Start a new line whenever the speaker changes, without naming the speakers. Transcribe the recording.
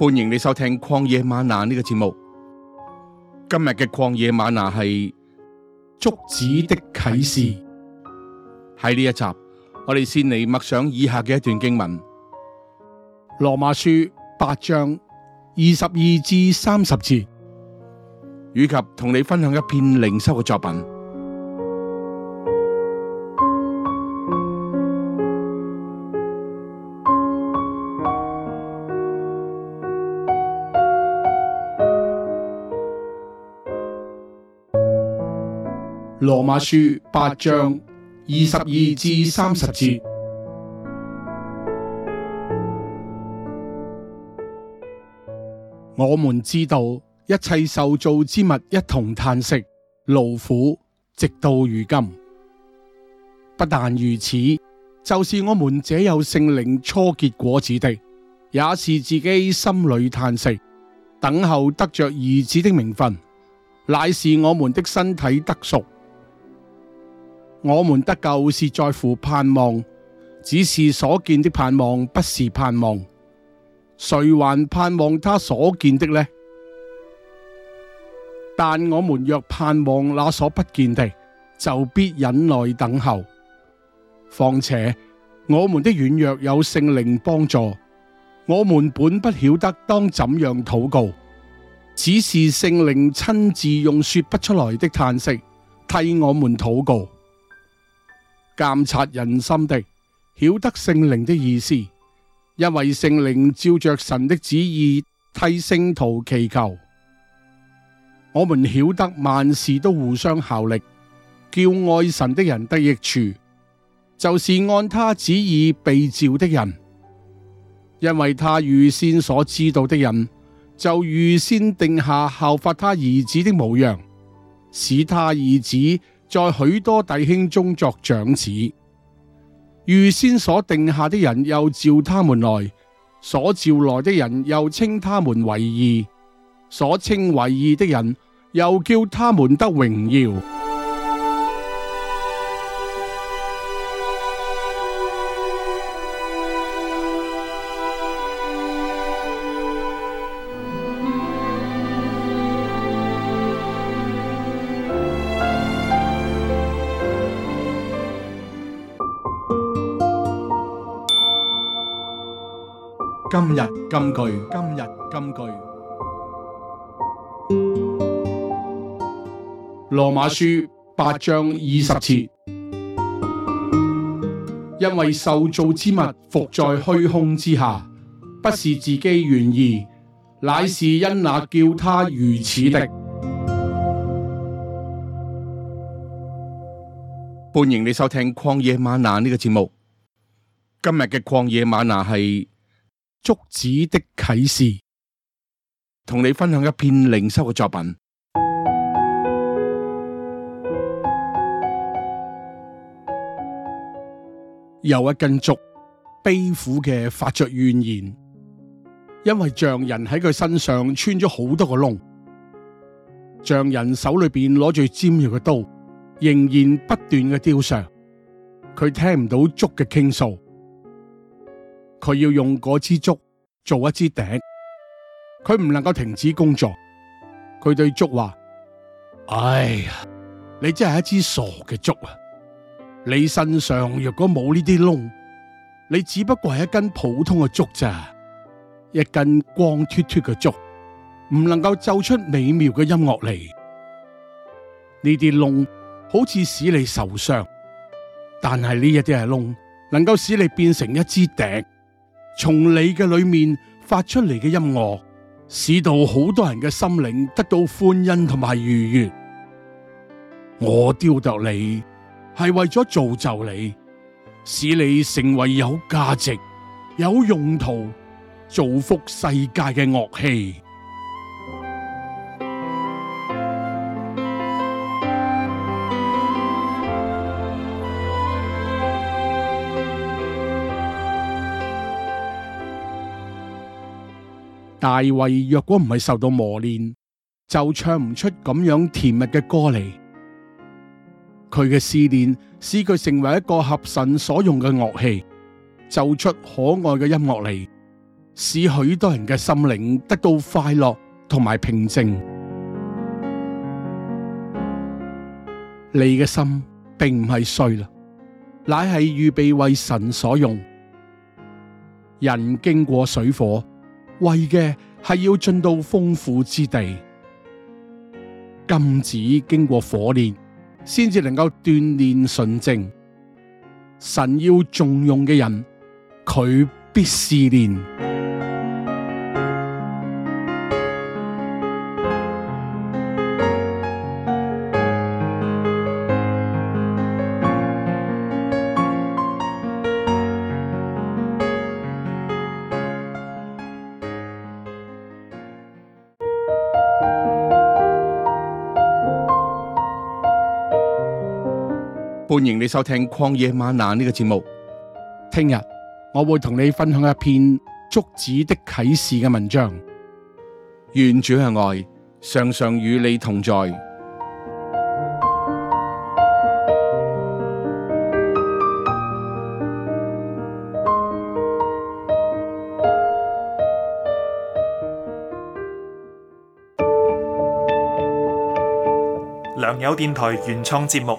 歡迎你收聽曠野瑪哪呢個節目。今日嘅曠野瑪哪係竹子的啟示，喺呢一集，我哋先嚟默想以下嘅一段經文，《羅馬書》八章二十二至三十節，以及同你分享一篇靈修嘅作品。羅馬書八章二十二至三十節， 我們知道一切受造之物一同嘆息勞苦，直到如今。不但如此，就是我們這有聖靈初結果子的，也是自己心裏嘆息，等候得着兒子的名分，乃是我們的身體得贖。我們得救是在乎盼望，只是所見的盼望不是盼望。誰還盼望他所見的呢？但我們若盼望那所不見的，就必忍耐等候。況且我們的軟弱有聖靈幫助，我們本不曉得當怎樣禱告，只是聖靈親自用說不出來的嘆息替我們禱告。監察人心的，曉得聖靈的意思，因為聖靈照着神的旨意替聖徒祈求，我們曉得萬事都互相效力，叫愛神的人得益處，就是按他旨意被召的人，因為他預先所知道的人，就預先定下效法他兒子的模樣，使他兒子。在許多弟兄中作長子，預先所定下的人，又召他們來；所召來的人，又稱他們為義；所稱為義的人，又叫他們得榮耀。今日金句，今日金句。羅馬書八章二十節，因為受造之物伏在虛空之下，不是自己願意，乃是因那叫他如此的。歡迎你收聽曠野嗎哪》呢、這個節目。今日嘅曠野嗎哪係，竹子的啟示，同你分享一篇靈修嘅作品。有一根竹，悲苦嘅發着怨言，因為匠人喺佢身上穿咗好多個窿，匠人手裏邊攞住尖銳嘅刀，仍然不斷嘅雕削，佢聽唔到竹嘅傾訴。佢要用嗰支竹做一支笛，佢唔能夠停止工作。佢對竹話：哎呀，你真係一支傻嘅竹啊！你身上若果冇呢啲窿，你只不過係一根普通嘅竹咋，一根光脫脫嘅竹，唔能夠奏出美妙嘅音樂嚟。呢啲窿好似使你受傷，但係呢一啲係窿，能夠使你變成一支笛。從你嘅裏面發出嚟嘅音樂，使到好多人嘅心靈得到歡欣同埋愉悅。我雕琢你，係為咗造就你，使你成為有價值、有用途、造福世界嘅樂器。大衛若果唔係受到磨練，就唱唔出咁樣甜蜜嘅歌嚟。佢嘅試煉使佢成為一個合神所用嘅樂器，奏出可愛嘅音樂嚟，使許多人嘅心靈得到快樂同埋平靜。你嘅心並唔係碎啦，乃係預備為神所用。人經過水火，為嘅係要進到豐富之地，金子經過火煉，先至能夠鍛煉純正。神要重用嘅人，佢必試煉。歡迎你收聽曠野嗎哪呢個節目，聽日我會同你分享一篇竹子的啟示嘅文章。願主嘅愛常常與你同在。良友電台原創節目。